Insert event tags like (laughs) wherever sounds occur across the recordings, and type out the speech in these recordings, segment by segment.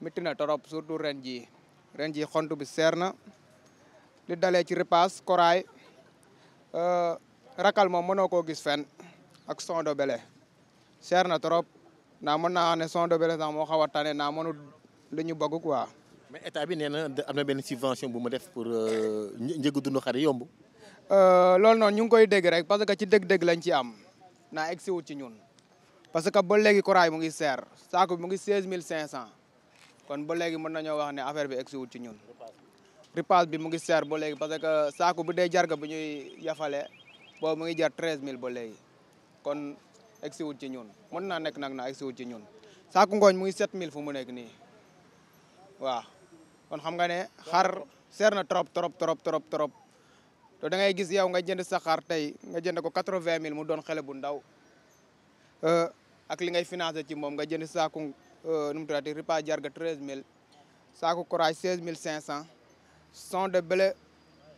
métti na torop surtout ren jii ren jii xont bi seer na li dalee ci ripaas koraay euh, rakal moom mënoo koo gis fenn ak son de blé seer na trop naa mën naa ne son de blé moo xaw a tane naa mënu li ñu bëgg quoi. mais état bi nee na am na benn subvention bu mu def pour euh, njëgu dund xar yomb. Euh, loolu noonu ñu ngi koy dégg rek parce que ci dégg-dégg lañ ci am naa egg si ci ñun. parce que ba léegi koraay mu ngi seer saako bi mu ngi seize mille cinq cent. kon ba léegi mën nañoo wax ne affaire bi egg ci ñun ripaas bi mu ngi seer ba léegi parce que saako bu dee jarga bu ñuy yafale boobu mu ngi jar treize mille ba léegi kon egg ci ñun mën naa nekk nag na egg ci ñun saako ngooñ mu ngi sept mille fu mu nekk nii waaw kon xam nga ne xar seer na trop trop trop trop trop te da ngay gis yow nga jënd sa xar tey nga jënd ko quatre vingt mille mu doon xale bu ndaw euh, ak li ngay financé ci moom nga jënd saako Euh, nu mu tuddati ripa jarga treize mille saaku courage seize mille cinq cent son de blé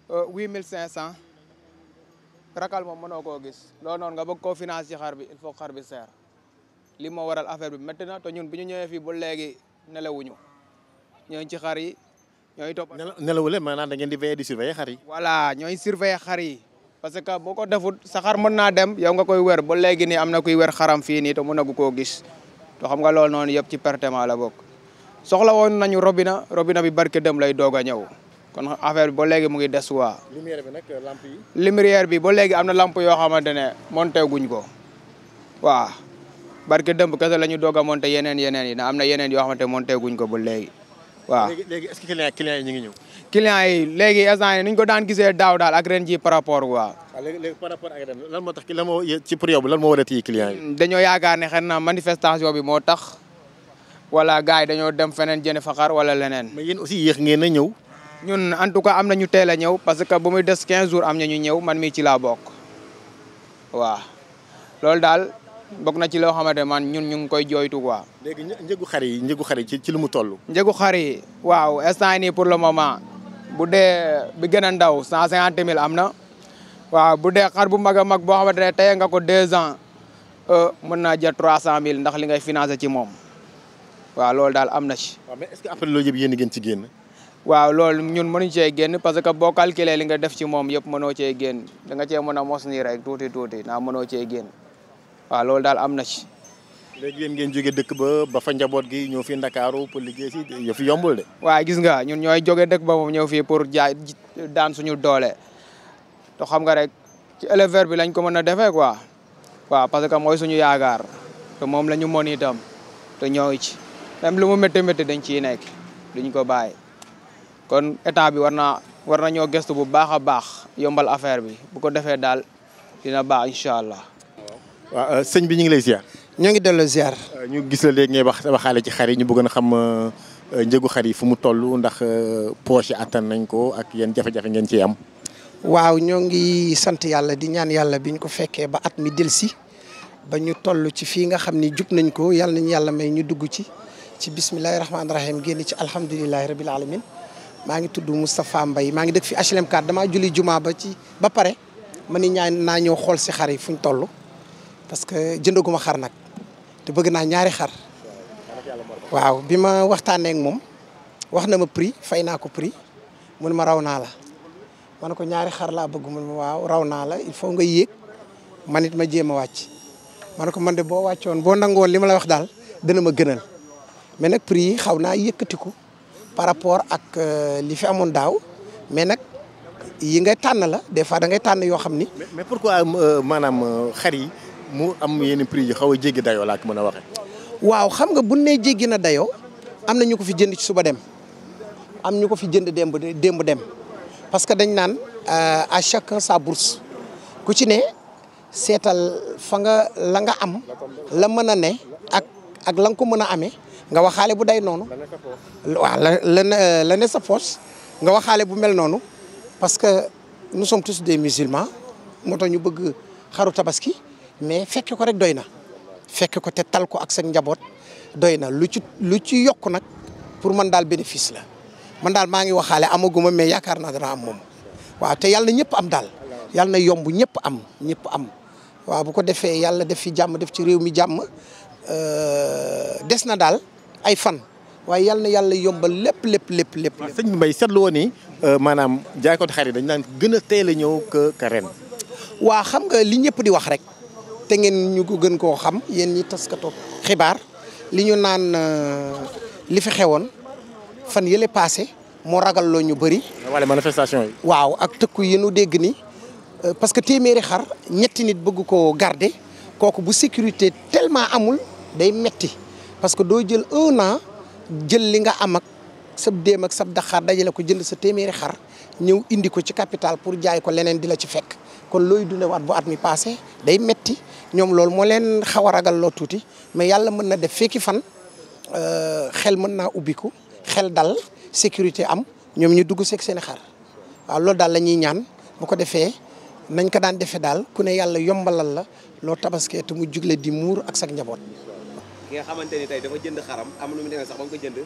euh, huit mille cinq cent rakal moom mënoo koo gis loolu noonu nga bëgg koo finance ci xar bi il faut xar seer li moo waral affaire bi métti na te ñun bi ñu ñëwee fii ba léegi nelawuñu ñooñu ci xar yi ñooy topp nelawule maanaam da ngeen di veiller di surveiller xar yi voilà ñooy surveiller xar yi parce que boo ko defut sa mën naa dem yow nga koy wër ba léegi nii am na kuy wër xaram fii nii te mënagu koo gis te xam nga loolu noonu yëpp ci pertement la bokk soxla woon nañu robina robinet bi barke dem lay doog a ñëw kon affaire bi ba léegi mu ngi des waa. lumière bi nag euh, lamp yi. lumière bi ba léegi am na làmp yoo xamante ne monté ko waa barke dëmb kese la ñu doog a monté yeneen yeneen yi na am na yeneen yoo xamante ne monté ko ba léegi. waaw léegi est-ce que client yi ñu ngi ñëw. client yi léegi instant yii ni ñu ko daan gisee daaw daal ak ren ji par rapport waaw. waaw léegi léegi par rapport ak ren lan moo tax lan moo ci pour yow lan moo war a client yi. dañoo yaakaar ne xëy na manifestation bi moo tax wala gars yi dañoo dem feneen jënd faxar wala leneen. mais yéen aussi yéex ngeen a ñëw. ñun en tout cas am na ñu teel a ñëw parce que bu muy des 15 jours am na ñu ñëw man mii ci laa bokk waaw loolu daal. bokk na ci loo xamante man ñun ñu ngi koy jooytu quoi. léegi njëgu xar yi njëgu xar ci ci lu mu tollu njegu xar yi waaw instant nii pour le moment bu dee bi gën a ndaw cent cinquante mille am na waaw bu dee xar bu mag a mag boo xamante ne tey nga ko deux ans euh, mën naa jël trois cent mille ndax li ngay financé ci moom waaw loolu daal am na ci. waaw mais est-ce après loolu yëpp yéen a gën ci génn. waaw loolu ñun mënuñ cee génn parce que boo calculé li nga def ci moom yëpp mënoo cee génn da nga cee mën a mos nii rek tuuti tuuti naa mënoo cee génn. waa loolu daal am na ci. léegi yéen ngeen jóge dëkk ba ba fa njaboot gi ñëw fi Ndakaaru pour liggéey si yëf fi yombul de. waa gis nga ñun ñooy joge dëkk ba moom ñëw fii pour jaay daan suñu doole to xam nga rek ci éleveur bi lañ ko mën a defee quoi waaw parce que mooy suñu yaakaar te moom la ñu mën itam te ñoo ci lu mu métti métti dañ ciy nekk duñ ko bàyyi kon état bi war naa war nañoo gëstu bu baax a baax yombal affaire bi bu ko defee daal dina baax incha allah. waaw euh, sëñ bi ñu ngi lay ziar. ñoo ngi delloo ziar. Euh, ñu gis la léegi ngay wax waxaale ci xar yi ñu bëggoon a xam euh, njëgu xar yi fu mu toll ndax poche yi attan nañ ko ak yéen jafe-jafe ngeen am. waaw ñoo ngi sant yàlla di ñaan yàlla bi ñu ko fekkee ba at mi delsi ba ñu toll ci fii nga xam ni jub nañ ko yàlla nañu yàlla may ñu dugg ci ci bismillahi rahmaani rahim génn ci alhamdulilahi rabil alamin maa ngi tudd Moustapha mbay maa ngi dëkk fi HLM 4 damaa julli jumaa ba ci ba pare ma ni ñaan naa ñëw xool si xar yi fu fuñ toll. parce que jëndaguma xar nag te bëgg naa ñaari xar waaw bi ma waxtaaneek moom wax na ma prix fay naa ko prix mun ma raw naa la ma ne ko ñaari xar laa bëgg mun waaw raw naa la il faut nga yéeg man it ma jéem a wàcc ma ne ko man de boo woon boo nangoon li ma la wax daal dana ma gënal mais nag prix yi xaw naa yëkkatiku par rapport ak euh, li fi amoon daaw mais nag yi ngay tànn la des fois da ngay tànn yoo xam ni. mais pourquoi euh, maanaam euh, xar yi. mu am yenn prix yu xaw a jéggi dayoo laa ko mën a waxee. waaw xam nga bu nee jéggi na dayoo am na ñu ko fi jënd ci suba dem am ñu ko fi jënd démb démb dem parce que dañ naan euh, à chaque sa bourse ku ci ne seetal fa nga la nga am la mën a ne ak ak la nga ko mën a amee nga waxaale bu day noonu. la euh, la ne sa poche nga waxaale bu mel noonu parce que nous sommes tous des musulmans moo tax ñu bëgg xaru tabaski. mais fekk ko rek doy na fekk ko te tal ko ak seen njaboot doy na lu ci lu ci yokk nag pour man daal bénéfice la man daal maa ngi waxaale amaguma mais yaakaar naa dana am moom waaw te yàlla ñëpp am daal yàlla na yomb ñëpp am ñëpp am waaw bu ko defee yàlla def fi jàmm def ci réew mi jàmm euh, des na daal ay fan waaye yàlla na yàlla yombal lépp lépp lépp lépp. waaw sëñ bi seetlu woon ni euh, maanaam jaay ko xar yi dañ naan gën a teel a ñëw que ren. waa xam nga li ñëpp di wax rek. te ngeen ñu ko gën koo xam yéen ñi taskato xibaar li ñu naan euh, li fi xewoon fan yële passé moo ragal loo ñu bëri. wala manifestation yi. waaw ak tëkku yi nu dégg ni euh, parce que téeméeri xar ñetti nit bëgg koo garde kooku bu sécurité tellement amul day metti parce que doo jël un naa jël li nga am ak. sab déem ak sab daxaar dajale ko jënd sa téeméeri xar ñëw indi ko ci capital pour jaay ko leneen di la ci fekk kon looy dundewaat bu at mi passé day metti ñoom loolu moo leen xaw a ragal loo tuuti mais yàlla mën na def fekki fan euh, xel mën naa ubbiku xel dal sécurité am ñoom ñu dugg seeg seen i xar waaw loolu daal la ñaan bu ko defee nañ ko daan defee daal ku ne yàlla yombalal la loo tabaskee te mu jugle di muur ak sa njaboot. nga xamante ni tey dafa jënd xaram am lu mu demee ko jënd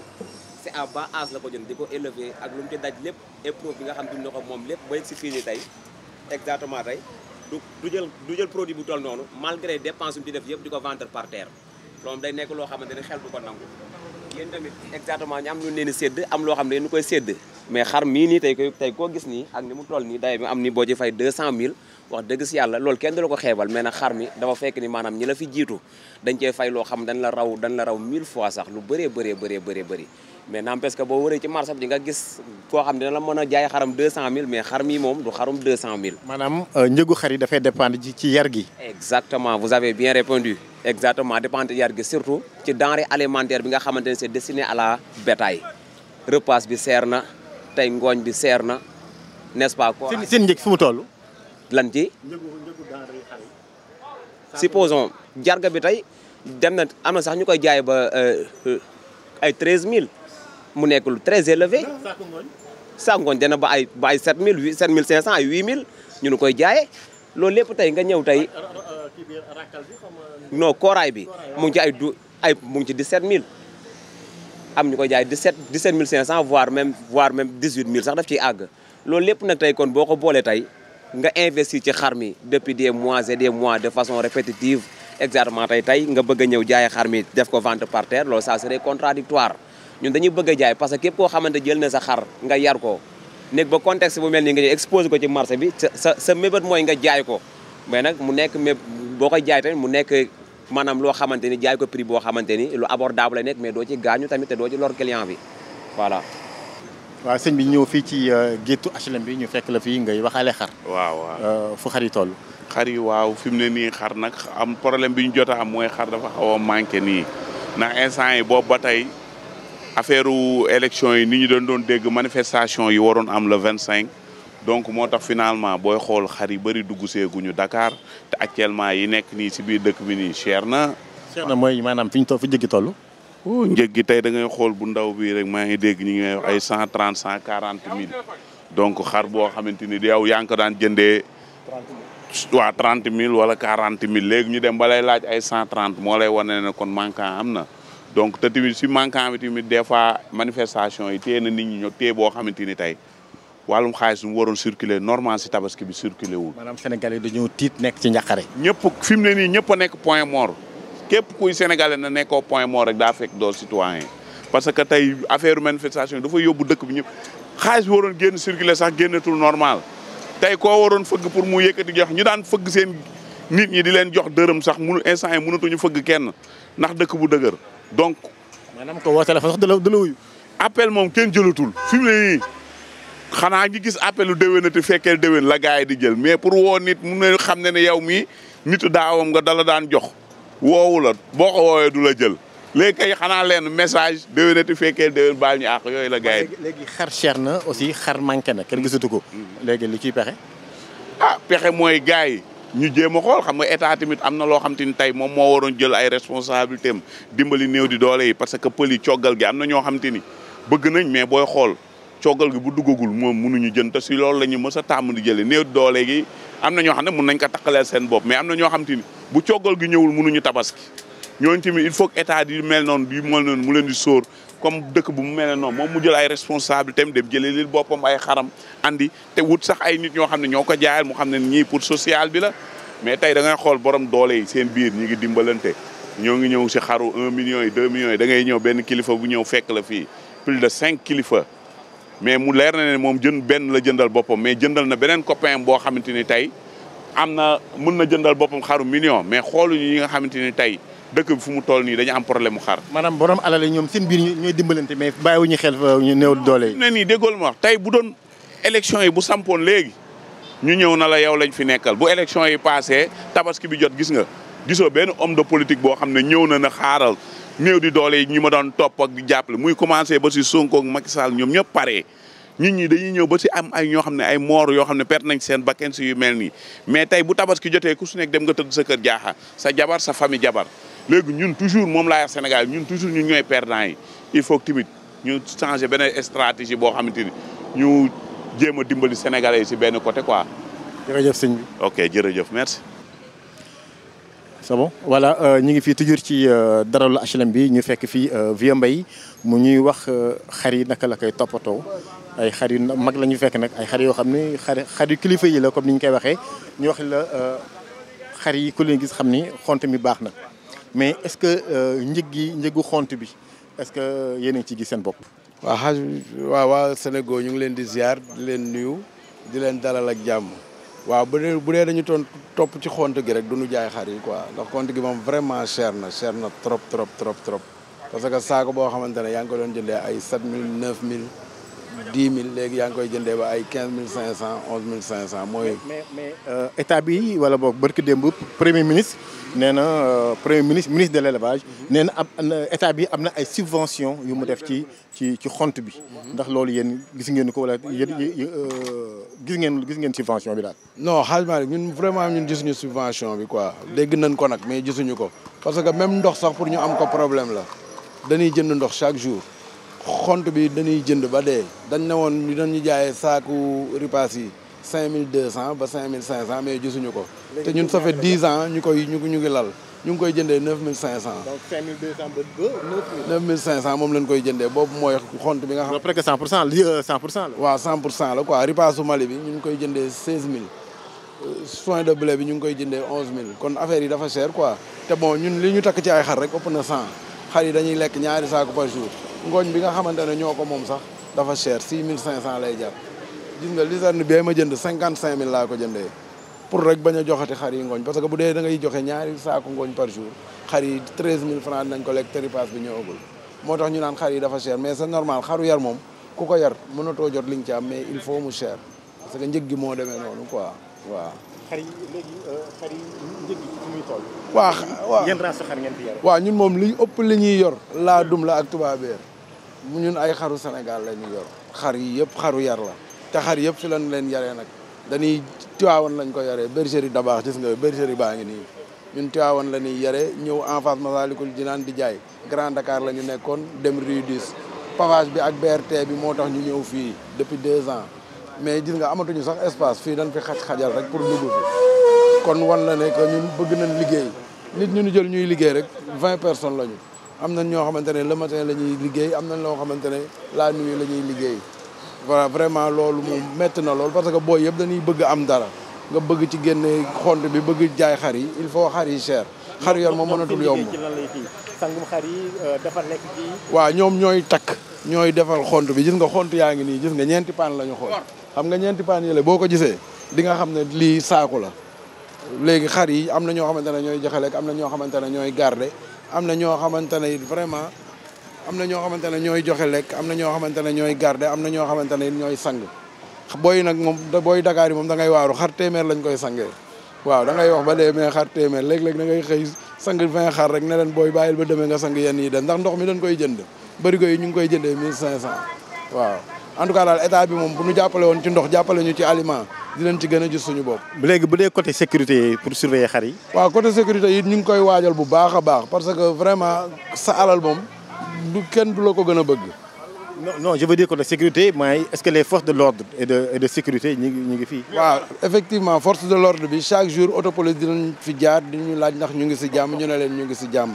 c' est à bas âge la ko jënd di ko élever ak lu mu ci daj lépp épreuve bi nga xam dund na ko moom lépp ba yegg si fii nii tey exactement tey du du jël du jël produit bu toll noonu malgré dépense yu mu ci def yëpp di ko vendre par terre loolu day nekk loo xamante ne xel du ko nangu yéen tamit exactement ñu am lu leen sedd am loo xam ne ñu koy sedd mais xar mii nii tey koy tey koo gis nii ak ni mu toll nii am ni boo ci fay 200000 wax dëgg si yàlla loolu kenn du la ko xeebal mais nag xar mi dafa fekk ni maanaam ñi la fi jiitu dañ cee fay loo xam dañ la raw dañ la raw 1000 fois sax lu bëree bëree bëree bëree bëri mais n'empêche que boo wëree ci marché bi di nga gis koo xam dina la mën a jaay xaram 200000 mais xar mi moom du xarum 200000. maanaam euh, njëgu xar yi dafay dépendre ci ci yar gi. exactement vous avez bien répondu exactement dépendre yar gi surtout ci denrée alimentaire bi nga xamante ne c'est destiné à la bétail repas bi seer na. tey ngooñ bi seer na n'est-ce pas. quoi mu toll. lan ci. supposons jarga bi tey dem na am na sax ñu koy jaaye ba euh, euh, ay mille mu nekk lu très élevé. saako ngooñ dana ba ay ba ay 7000 8 7500 ay 8000 ñu nu koy jaayee loolu lépp tey nga ñëw tey. non kooraay bi mu ngi ci ay du ay mu am ñu ko jaay 17 17 500 voire même voire même 18 000 sax daf ciy àgg loolu lépp nag tey kon boo ko boolee tey nga investir ci xar mi depuis des mois et mois de façon répétitive exactement tey tey nga bëgg a ñëw jaaye xar mi def ko vente par terre loolu ça serait contradictoire ñun dañuy bëgg a jaay parce que képp koo xamante jël na sa xar nga yar ko nekk ba contexte bu mel nii nga exposé ko ci marché bi sa sa mooy nga jaay ko mais nag mu nekk mé boo ko jaay tamit mu nekk maanaam loo xamante ni jaay ko prix boo xamante ni lu abordable lay nekk mais doo ci gaañu tamit te doo ci client bi voilà. waaw sëñ bi ñëw fii ci euh, géttu HLM bi ñu fekk la fii ngay waxaale xar. waaw waaw euh, fu xar yi xar yi waaw fi mu ne nii xar nag am problème bi ñu jot am mooy xar dafa xaw a manqué nii ndax instant yi boobu ba tey affaire élection yi ni ñu doon doon dégg manifestation yi waroon am le cinq donc moo tax finalement booy xool xar yi bëri dugg seeguñu Dakar te actuellement yi nekk nii si biir dëkk bi nii cher na. cher na mooy maanaam fi ñu toll fi njëg gi toll. njëg tey dangay xool bu ndaw bii rek maa ngi dégg ñu ngi wax cent trente cent quarante mille donc xar boo xamante ni yow yaa ngi ko daan jëndee. waa trente mille wala quarante mille léegi ñu dem balay laaj ay cent trente moo lay wane ne kon manquant am na. donc te tamit si manquant bi tamit des fois manifestation yi téye na nit ñi ñoom boo xamante ni tey. wàllum xaalis bi mu waroon circuler normal si tabaski bi circuler wul. maanaam sénégalais dañoo tiit nekk ci njaqare. ñëpp fi ne nii ñëpp a nekk point mort képp kuy sénégalais na nekkoo point mort rek daa fekk doo citoyen parce que tey affaire manifestation dafa yóbbu dëkk bi ñëpp xaalis bi waroon génn circuler sax génnatul normal tey koo waroon fëgg pour mu yëkkati jox ñu daan fëgg seen nit ñi di leen jox dërëm sax munu instant yi mënatuñu fëgg kenn ndax dëkk bu dëgër donc. maanaam ko woo téléphone sax dala dala wuyu. moom kenn jëlatul xanaa ñu gis appelu déwénati fekkee déwén la gars yi di jël mais pour woo nit mun na xam ne ne yow mii nitu daawam nga dala daan jox woowu la boo ko woowee du la jël léegi kay xanaa leen message déwénati fekkee déwén baal ñu àq yooyu la gars yi léegi xar cher na aussi xar manqué na kenn gisatu ko léegi li ciy pexe ah pexe mooy gars yi ñu jéem a xool xam nga état am na loo xam te ni tey moom moo waroon jël ay responsabilités dimbali néew di doole yi parce que pël yi coggal gi am na ñoo xam te ni bëgg nañ mais booy xool coogal gi bu duggagul moom mënuñu jën te si loolu la ñu mës a tàmm di jëlee néew doole gi am na ñoo xam ne mun nañ ko takkaleel seen bopp mais am na ñoo xam te ni bu coogal gi ñëwul mënuñu tabaski ñooñu tamit il faut que état di mel noonu di mel noonu mu leen di sóor comme dëkk bu mu mel noonu moom mu jël ay responsabilités dem jëlee leen boppam ay xaram andi te wut sax ay nit ñoo xam ne ñoo ko jaayal mu xam ne ñii pour social bi la mais tey da ngay xool borom doole yi seen biir ñi ngi dimbalante ñoo ngi ñëw si xaru un million yi deux millions yi da ñëw benn kilifa bu ñëw fekk la fii plus de cinq kilifa mais mu leer na ne moom jën benn la jëndal boppam mais jëndal na beneen copain boo xamante ni tey am na mën na jëndal boppam xaru million mais xoolu ñi nga xamante ni tey dëkk fu mu toll nii dañu am problème mu xar. maanaam borom alal ñoom seen biir ñooy dimbalante mais bàyyiwuñu xel ñu néew doole yi. ne nii déggool ma wax tey bu doon élection yi bu sampoon léegi ñu ñëw na la yow lañ fi nekkal bu élection yi passé tabaski bi jot gis nga gisoo benn homme de politique boo xam ne ñëw na na xaaral. néew di doole ñi ma doon topp ak di jàppale muy commencé ba si Sonko ak Macky ñoom ñëpp paree nit ñi dañuy ñëw ba si am ay ñoo xam ne ay moor yoo xam ne perte nañ seen kenn si yu mel nii mais tey bu tabaski jotee ku su nekk dem nga tëdd sa kër jaaxa sa jabar sa famille jabar léegi ñun toujours moom laa yar Sénégal ñun toujours ñu ñooy perdants il faut que ñu changer benn stratégie boo xamante ni ñu jéem a dimbali sénégalais yi si benn côté quoi. jërëjëf sëñ ok jërëjëf merci. c'est bon voilà euh, ñu ngi fii tujur ci dara euh, daralu HLM bi ñu fekk fii euh, Vieux mbay mu ñuy wax xar yi naka la koy toppatoo ay xar yu mag la ñu fekk nag ay xar yoo xam ne xar xar yu kilifa yi la comme ni ñu koy waxee ñu wax la xar yi ku leen gis xam ni xont mi baax na mais est-ce que njëg gi njëgu xont bi est-ce que yéen a ngi ci gis seen bopp. waaw xaaj waa Sénégal ñu ngi leen di ziar di leen nuyu di leen dalal ak jàmm. waaw bu dee bu dee dañu toon topp ci xont gi du nu jaay xar yi quoi ndax xont gi moom vraiment cher na cher na trop trop trop trop parce que saako boo xamante ne yaa ngi ko doon jëndee ay 7000 9000 dix mille léegi yaa ngi koy jëndee ba ay quinze mille cinq cent onze mille cinq cent mooy. mais euh, état bi wala boog barki démb premier ministre. nee na euh, premier ministre ministre de l' élevage. Mhm. nee na am état bi am na ay subvention yu mu def ci ci ci xont bi. Mhm. ndax loolu yéen gis ngeen ko wala yéen euh, gis ngeen gis ngeen subvention bi daal. non xaalis ñun vraiment ñun gisuñu subvention bi quoi dégg nañ ko nag mais gisuñu ko parce que même ndox sax pour ñu am ko problème la dañuy jënd ndox chaque jour. xont bi dañuy jënd ba dee dañ ne woon ñu dañu jaayee saaku ripaas yi cinq mille deux cent ba cinq mille cinq cent mais gisuñu ko te ñun ça fait dix ans ñu koy ñu ñu ngi lal ñu koy jëndee cinq cent donc cinq mille deux cent koy jëndee boobu mooy xont bi nga xam presque cent pour cent li euh, cent pour cent la Mali bi ñu koy jëndee seize mille euh, soin de bi ñu ngi koy jëndee onze mille kon affaire yi dafa cher quoi te bon ñun li ñu takk ci ay xar rek ëpp na cent xar dañuy lekk ñaari saako par jour ngooñ bi nga xamante ne ñoo ko moom sax dafa cher six mille cinq cent lay jar gis nga luzerne bi ma jënd cinquante cinq mille laa ko jëndee pour rek bañ a joxati xar yi ngooñ parce que bu dee da ngay joxe ñaari saaku ngooñ par jour xar yi treize mille francs nañ ko lekk te ripaas bi gul moo tax ñu naan xar yi dafa cher mais c'est normal xaru yar moom ku ko yar mënatoo jot li nga ci mais il faut mu cher parce que njëg gi moo demee noonu ko waaw. xar yi léegi euh, xar yi njëg gi fi muy toll. ñun moom li ëpp li ñuy yor laa dum la ak tubaabeer ñun ay xaru Sénégal la ñu yor xar yi yëpp xaru yar la te xar yëpp fi lañ leen yaree nag dañuy Tiwaawan lañ ko yaree bergerie Dabaax gis nga bergerie baa ngi nii ñun Tiwaawan la ñuy yaree ñëw en face Masalikul Jinaan di jaay Grand Dakar la ñu nekkoon dem Rue 10 pavage bi ak berte bi moo tax ñu ñëw fii depuis deux ans mais gis nga amatuñu sax espace fii dañ fi xaj-xajal rek pour dugg fi kon wan la ne ñun bëgg nañ liggéey nit ñu ñu jël ñuy liggéey rek vingt personnes la ñu am na ñoo xamante ne le matin la ñuy liggéey am na loo xamante ne la la ñuy liggéey voilà vraiment loolu moom métti na lool parce que booy yëpp dañuy bëgg am dara nga bëgg ci génne xont bi bëgg jaay xar yi il faut xar yi cher. xar yor ma mënatul yomb sangum xar yi euh, defar lekk ñoom ñooy takk ñooy defal xont bi gis nga xont yaa ngi nii gis nga ñeenti paan la ñu xool xam nga ñeenti paan yële boo ko gisee di nga xam ne lii saaku la léegi xar yi am na ñoo xamante ne ñooy jaxaleek am na ñoo xamante ne ñooy garde am na ñoo xamante ne it vraiment am na ñoo xamante ne ñooy joxe lekk am na ñoo xamante ne ñooy garder am na ñoo xamante ne it ñooy sang booy nag moom booy Dakar moom dangay ngay waaru xar téeméer lañ koy sangee waaw da ngay wax ba dee mais xar téeméer léeg-léeg na ngay xëy sang vingt xar rek ne leen booy bàyyil ba demee nga sang yenn yi dem ndax ndox mi dañ koy jënd bërigo yi ñu ngi koy jëndee mille cinq cent waaw en tout cas daal état bi moom bu ñu jàppale woon ci ndox jàppale ñu ci aliment dinañ ci gën a gis suñu bopp. léegi bu dee côté sécurité pour surveiller xar yi. waaw côté it ñu ngi koy waajal bu baax a baax parce que vraiment sa alal moom du kenn du la ko gën a bëgg. no non je veux dire que sécurité mooy est-ce que les forces de l'ordre et de sécurité ñu ngi ñu ngi fii. waaw effectivement force de l'ordre bi chaque jour autopolice dinañ fi jaar di ñu laaj ndax ñu ngi si jàmm ñu ne leen ñu ngi si jàmm.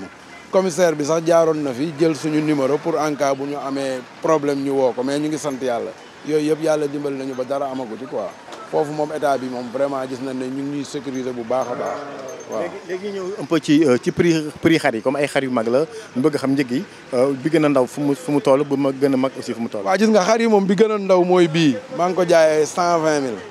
commissaire bi sax jaaroon na fi jël suñu numéro pour en cas bu ñu amee problème ñu woo ko mais ñu ngi sant yàlla yooyu yëpp yàlla dimbali nañu ba dara amagu ci quoi foofu moom état bi moom vraiment gis nañ ne ñu ngi ñuy sécuriser bu baax a baax. waaw léegi ñëw un peu ci euh, ci prix prix yi comme ay xar yu mag la ñu bëgg xam njëg yi euh, bi gën a ndaw fu mu fu mu toll bu ma gën a mag aussi fu mu tool waaw gis nga xar yi moom bi gën a ndaw mooy bii maa ngi ko jaayee cent vingt mille.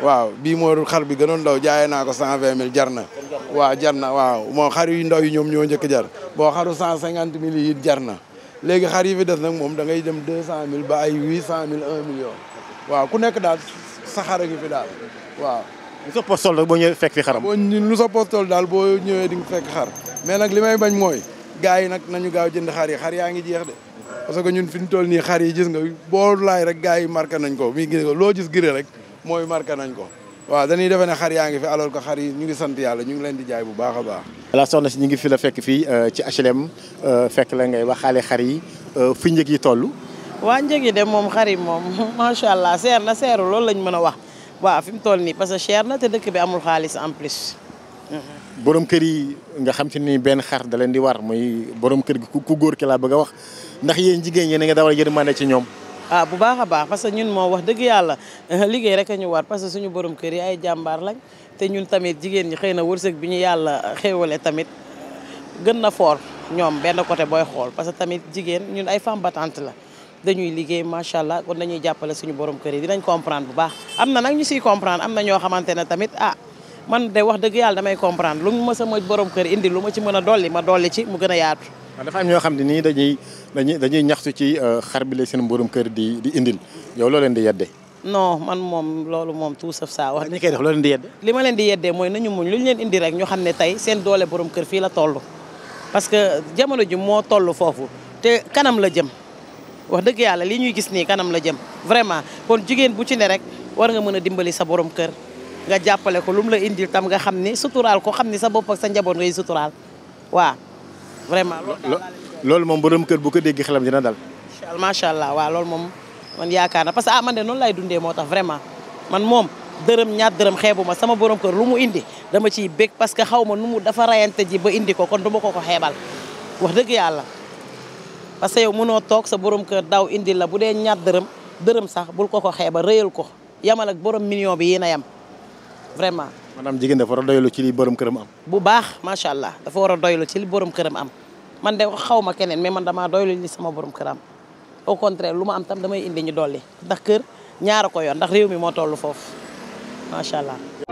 waaw bii moor xar bi ganoon ndaw jaaye naa ko cent vingt mille jar na waaw jar na waaw moo xar yu ndaw yi ñoom ñoo njëkk jar boo xaru cent cinquante mille yi jar na léegi xar yi fi des nag moom da ngay dem deux cent mille ba ay huit cent mille un million waaw ku nekk daal sa xar a ngi fi daal waaw lu sa postol boo ñëwee fekk fi boo lu sa postol daal boo ñëwee di nga fekk xar mais nag li may bañ mooy gars yi nag nañu gaaw jënd xar yi xar yaa ngi jeex de parce que ñu fi ñu toll nii xar yi gis nga boo laay re gars yi marqué nañ ko mii gis nga loo gis giri rek mooy marqué nañ ko waaw dañuy defe ne xar yaa ngi fi alool que xar yi ñu ngi sant yàlla ñu ngi leen di jaay bu baax baax la soxna si ñu ngi fi la fekk fii euh, ci HLM euh, fekk la ngay waxaale xar yi euh, fi njëg yi toll waa njëg yi de moom xar yi moom (laughs) macha allah seer na seeru loolu lañ mën a wax waa fi mu toll nii parce que cher na te dëkk bi amul xaalis en plus mm-hmm. borom kër yi nga xam te ni benn xar da leen di war muy borom kër gi ku góor ki laa bëgg a wax ndax yéen jigéen ñi na nga dawal yërmande ci ñoom ah bu baax a baax parce que ñun moo wax dëgg yàlla eh, liggéey rek a ñu war parce que suñu borom kër yi ay jàmbaar lañ te ñun tamit jigéen ñi xëy na wërsëg bi ñu yàlla xéewale tamit gën na foor ñoom benn côté booy xool parce que tamit jigéen ñun ay femme battante la dañuy liggéey macha allah kon dañuy jàppale suñu borom kër yi dinañ comprendre bu baax. am na nag ñu siy comprendre am na ñoo xamante ne tamit ah man de wax dëgg yàlla damay comprendre lu ma sama borom kër indi lu ma ci mën a dolli ma dolli ci mu gën a yaatu. dafa am ñoo xam ne nii dañuy dañuy dañuy ñaxtu ci euh, xar bi la seen mburum kër di di indil yow loo leen di yedde non man moom loolu moom tout saf saa wax ñi koy def loo leen di yedde li ma leen di yeddee mooy nañu muñ lu ñu leen indi rek ñu xam ne tey seen doole borom kër fii la toll parce que jamono ji moo toll foofu te kanam la jëm wax dëgg yàlla li ñuy gis nii kanam la jëm vraiment kon jigéen bu ci ne rek war nga mën a dimbali sa borom kër nga jàppale ko lu mu la indil tam nga xam ni suturaal ko xam ni sa bopp ak sa njaboot ngay suturaal waaw vraiment loolu moom borom kër bu ko dégg xelam dina dal macha allah waa loolu moom man yaakaar na parce que ah man de noonu lay dundee moo tax vraiment man moom dërëm ñaat dërëm xeebu ma sama borom kër lu mu indi dama ciy bég parce que xaw ma nu mu dafa rayante ji ba indi ko kon du ma ko ko xeebal wax dëgg yàlla parce que yow mënoo toog sa borom kër daw indi la bu dee ñaar dërëm dërëm sax bul ko ko xeebal rëyal ko yamal ak borom million bi yéen a yam vraiment maanaam jigéen dafa war a doylu ci li borom këram am. bu baax macha allah dafa war a doylu ci li borom këram am man de xaw ma keneen mais man damaa doylu li sama borom këram au contraire lu ma am tam damay indi ñi dolli ndax kër ñaara ko yoon ndax réew mi moo toll foofu macha allah.